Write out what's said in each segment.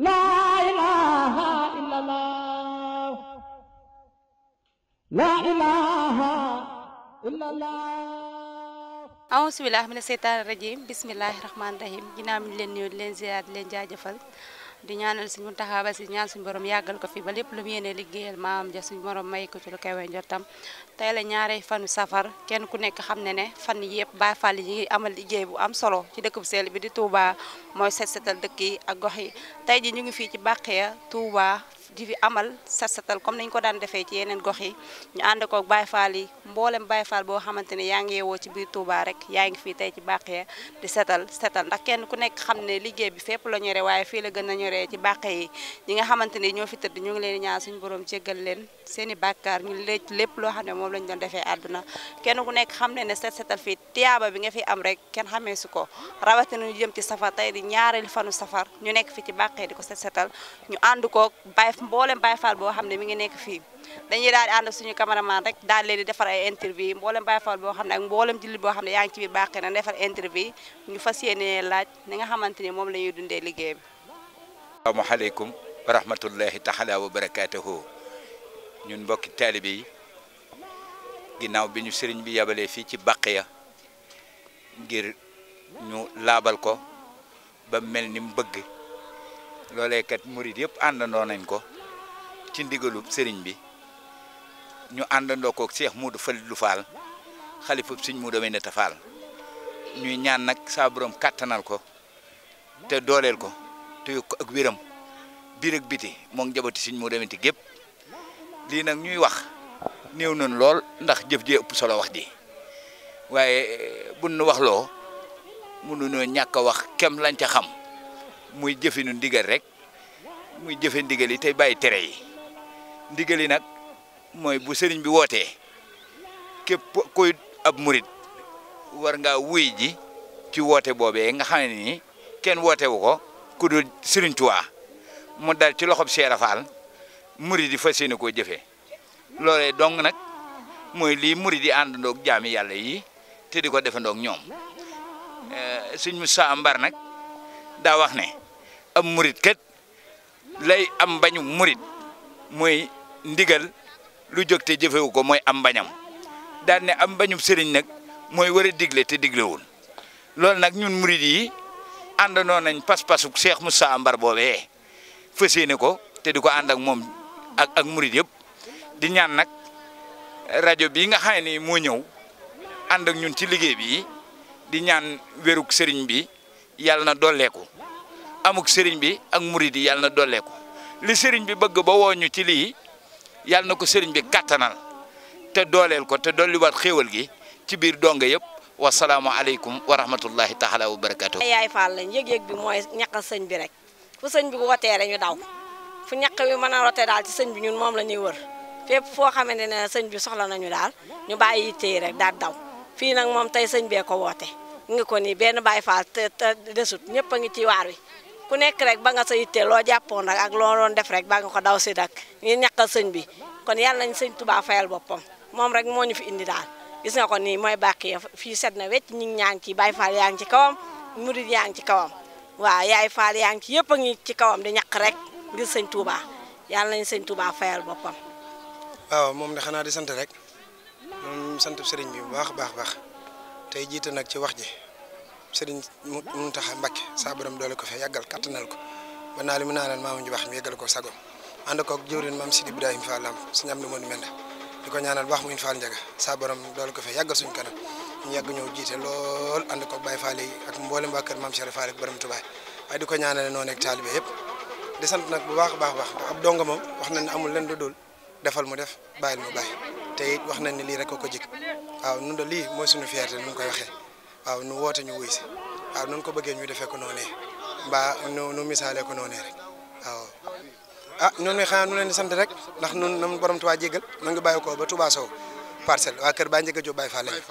laa ilaaha illallah laa ilaaha illallah awuusu billaahi mina seytaani rajiim bismillaahi rahmaani rahiim ginnaaw mi leen nuyu leen ziyaar leen jaajëfal di ñaanal suñu Muntaxa ba si ñaan suñu borom yàggal ko fi ba lépp lu mu yéene liggéeyal maam ja suñu borom may ko ci lu kawe njottam tey la ñaare fanu safar kenn ku nekk xam ne ne fan yëpp Baay Faal yi ngi amal liggéey bu am solo ci dëkk bu sell bi di Touba mooy set setal dëkk yi ak gox yi tey ji ñu ngi fii ci bàq Baqiya Touba di fi amal set setal comme nañ ko daan defee ci yeneen gox yi ñu ànd koog Baye Fall yi mboolem Baye Fall boo xamante ne yaa ngi yeewoo ci biir Touba rek yaa ngi fii tey ci bàqee di setal setal ndax kenn ku nekk xam ne liggéey bi fépp la ñoree waaye fii la gën a ñoree ci bàqee yi ñi nga xamante ne ñoo fi tëdd ñu ngi leen ñaan suñu borom jéggal leen seen i bàkkaar lépp loo xam ne moom lañ doon defee adduna kenn ku nekk xam ne ne set setal fii tiyaaba bi nga fi am rek kenn xamee su ko rawatina ñu jëm ci safar tey di ñaareelu fanu safar ñu nekk fi ci bàqee di ko set setal ñu ànd koog mboolem Baye Fall boo xam ne mu ngi nekk fii dañuy daal di ànd suñu cameraman rek daal leen di defar ay interview mboolem Baye Fall boo xam ne ak mboolem jullit boo xam ne yaa ngi ci biir baaxee na defar interview ñu fas yéene laaj ni nga xamante ni moom la ñuy dundee liggéey bi. asalaamaaleykum wa rahmatullahi taala wa barakaatuhu ñun mbokki taalibe yi ginnaaw bi ñu sëriñ bi yabalee fii ci ya ngir ñu laabal ko ba mel ni mu bëgg loolee kat murid yëpp àndandoo nañ ko ci ndigalub sëriñ bi ñu àndandoo koog Cheikh Moudou Falilou Fall xalifab sëñ Moudou Aminata Fall ñuy ñaan nag saa borom kàttanal ko te doolel ko te yokk ak wéram biir ak biti moom siñ sëñ Moudou Aminata gépp lii nag ñuy wax néew nañ lool ndax jëf jee ëpp solo wax ji waaye buñ nu wax waxloo mënuñoo ñàkk a wax kem lañ ca xam muy jëfinu ndigal rek muy jëfe ndigal yi tey bàyyi tere yi ndigali nag mooy bu sëriñ bi wootee képp koy ab murit war nga wuy ji ci woote boobee nga xam ne nii kenn woote wu ko ku dul sëriñ Tuubaa mu dal ci loxob Cheikh Fall murit di fas yéene koo jëfee loolee dong nag mooy lii murit di àndandoog jaami yàlla yi te di ko defandoog ñoom eh, sëñ Moussa Mbar nag daa wax ne am murit kat lay am murit mooy ndigal lu jóg te jëfewu ko mooy ambañam mbañam daan am mbañum sëriñ nag mooy war digle te wul loolu nag ñun murid yi àndandoo nañ pas-pasuk Cheikh Moussa Mbar boobee fas yéene ko te di ko ànd ak moom ak ak murid yëpp di ñaan nag rajo bii nga xam ne moo ñëw ànd ak ñun ci liggéey bi di ñaan wéruk sëriñ bi yàlla na dolleeku amuk sëriñ bi ak murid yi yàlla na dolleeku li sëriñ bi ba woo ñu ci lii. yàlla na ko sëriñ bi kattanal te dooleel ko te dolliwaat xéewal gi ci biir donga yëpp wasalaamaaleykum wa rahmatullahi taala wa barakaatu. yaay Fall lañ yëg-yëg bi mooy ñaqal sëñ bi rek fu sëñ bi wootee rek ñu daw fu ñaq bi mën a rote daal ci sëñ bi ñun moom la ñuy wër fépp foo xamante ne sëñ bi soxla nañu daal ñu bàyyi yitte yi rek daal daw fii nag moom tey sëñ bee ko woote. nga ko ni benn Baay Faal te te desut ñëpp a ngi ci waar wi ku nekk rek ba nga sa yitte loo jàppoon nag ak loo doon def rek ba ko daw si nag ñu ñaqal sëñ bi kon yàlla nañ sëñ fayal boppam moom rek moo ñu fi indi daal gis nga kon nii mooy bàq ya fii set na wecc ñi ñaa ngi ci Baay Faal yaa ngi ci kawam murid yaa ngi ci kawam waaw yaa Faal yaa ngi ci yëpp a ngi ci kawam di ñaq rek ngir sëñ Tuubaa yàlla nañ sëñ Tuubaa fayal boppam. waaw moom de xanaa di sant rek moom sant sëriñ bi bu baax baax baax te jiite nag ci wax ji. sëriñ Muntaxa Mbakke saa borom doole ko fe yàggal kattanal ko ba naa li mu naanal maamam ju baax mi yàggal ko sagom ànd koog jëwrin maam Sidi Ibrahima am suñu am lu di ko ñaanal baax muy Fall Njaga saa borom doole ko fee yàggal suñu kanam ñu yàgg ñëw jiite lool ànd koog Baye Fall yi ak mboolem waa kër maam Cheikh Fall ak borom Tubaay di ko ñaanale noonu ak taalibe yëpp di sant nag bu baax a baax baax ab donga moom wax nañ ne amul lenn lu dul defal mu def bàyyil mu bàyyi te wax nañ ne lii rek ko ko jik waaw nun da lii mooy suñu fierté nu koy waxee waaw nu woote ñu wuy si waaw nu ko bëggee ñu defee ko noonee mbaa nu nu ko noonee rek waaw. ah noonu xanaa nu leen di sant rek ndax nun nam borom Tuubaa jéggal nu ngi bàyyi ko ba Touba Sow parcelle waa kër Baye Ndiaga Diop Baye Fall lañu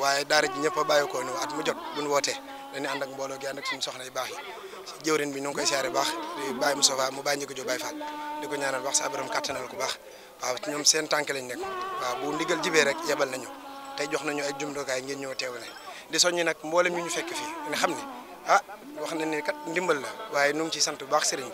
waaye daara ji ñëpp a bàyyi ko nu at mu jot bu nu wootee dañuy soxna yu baax yi jëwrin bi ñu ngi koy siyaare baax di Baye Moustapha mu Baye Ndiaga Diop Baye Fall di ko ñaanal wax sa borom kattanal ko baax waaw ñoom seen tànk lañ nekk waaw bu ndigal jibee rek yebal nañu tey jox nañu ay jumtukaay ngeen ñëw teewale di soññi nag mboolem ñu ñu fekk fii nga xam ne ah wax na ne kat ndimbal la waaye nu ngi ciy sant bu baax sëriñ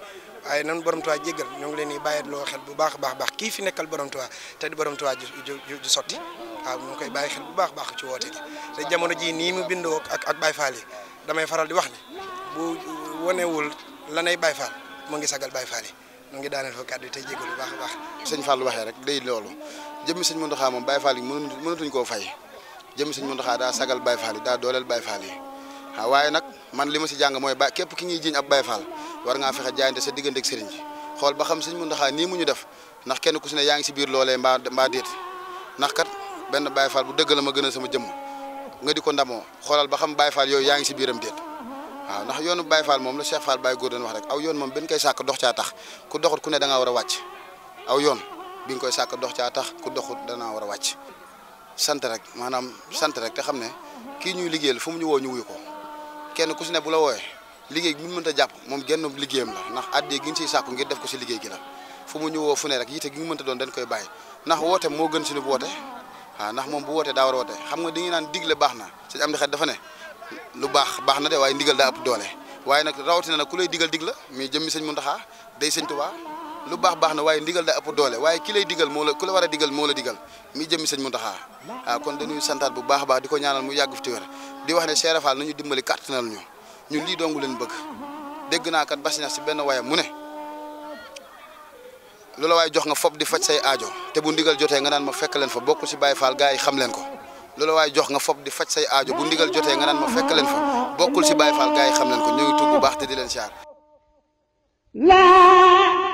waaye nan borom tuwaa jéggal ñoo ngi leen di bàyyi loo xel bu baax a baax baax kii fi nekkal borom tuwaa te di borom tuwaa ju ju sotti waaw ñu ngi koy bàyyi xel bu baax baax ci woote gi te jamono jii nii mu bindoo ak ak Baye Fall yi damay faral di wax ne bu wanewul lanay Baye Fall mu ngi sagal Baye Fall yi mu ngi daaneel fa kàddu bu baax a baax sëñ Fall waxee rek day loolu jëmmi sëñ Muntaxa moom Baye faal yi mënatuñ koo fay jëmmi sëñ Muntaxa daa sagal Baye Fall yi daa dooleel Baye Fall yi waaye nag man li ma si jàng mooy ba képp ki ñuy jiñ ab Baye faal war ngaa fexe jaayante sa diggante ak sëriñ bi xool ba xam sëñ Muntaxa nii mu ñu def ndax kenn ku si ne yaa ngi si biir loolee mbaa mbaa déet ndax kat benn Baye Fall bu dëgg la ma gën a sama jëmm nga di ko ndamoo xoolal ba xam Baye Fall yooyu yaa ngi si biiram déet waaw ndax yoonu Baye moom la Cheikh Fall Baye góor doon wax rek aw yoon moom benn koy sàkk dox caa tax ku doxut ku ne da ngaa a wàcc aw yoon bi nga koy sàkk dox caa tax ku doxut danaa war a wàcc sant rek maanaam sante rek te xam ne kii ñuy liggéey liggéeyal fu mu ñu woo ñu wuyu ko kenn ku si ne bu la wooyee liggéey bi mu mënta jàpp moom genn liggéeyam la ndax addee gi ñu siy sàkku def ko si liggéey gi la fu mu ñu fu ne rek yite gi mu mënta doon dañ koy bàyyi ndax woote moo gën suñu woote waaw ndax moom bu woote daa war a woote xam nga dañuy naan digle baax na sëñ am di xet dafa ne lu baax baax na de waaye ndigal daa ëpp doole waaye nag rawatina nag ku lay digal dig la mais jëmmi sëñ Muntaxa day sëñ Tuubaa lu baax baax na waaye ndigal daa ëpp doole waaye ki lay digal moo la ku la war a digal moo la digal mi jëmmi sëñ Mountakha waaw ah, kon dañuy santaat bu baax a baax di ko ñaanal mu yàgg fi wér di wax ne Cheikh Rafal nañu dimbali kàttanal ñu ñun lii dongu leen bëgg dégg naa kat basina si benn waaye mu ne lu la waaye jox nga fob di faj say aajo te bu ndigal jotee nga naan ma fekk leen fa bokku si Baye Fall gars yi xam leen ko loolu waaye jox nga fob di faj say aajo bu ndigal jotee nga naan fekk leen fa bokkul si Baye Fall gars yi xam leen ko ñu ngi tuub bu baax te di leen siyaar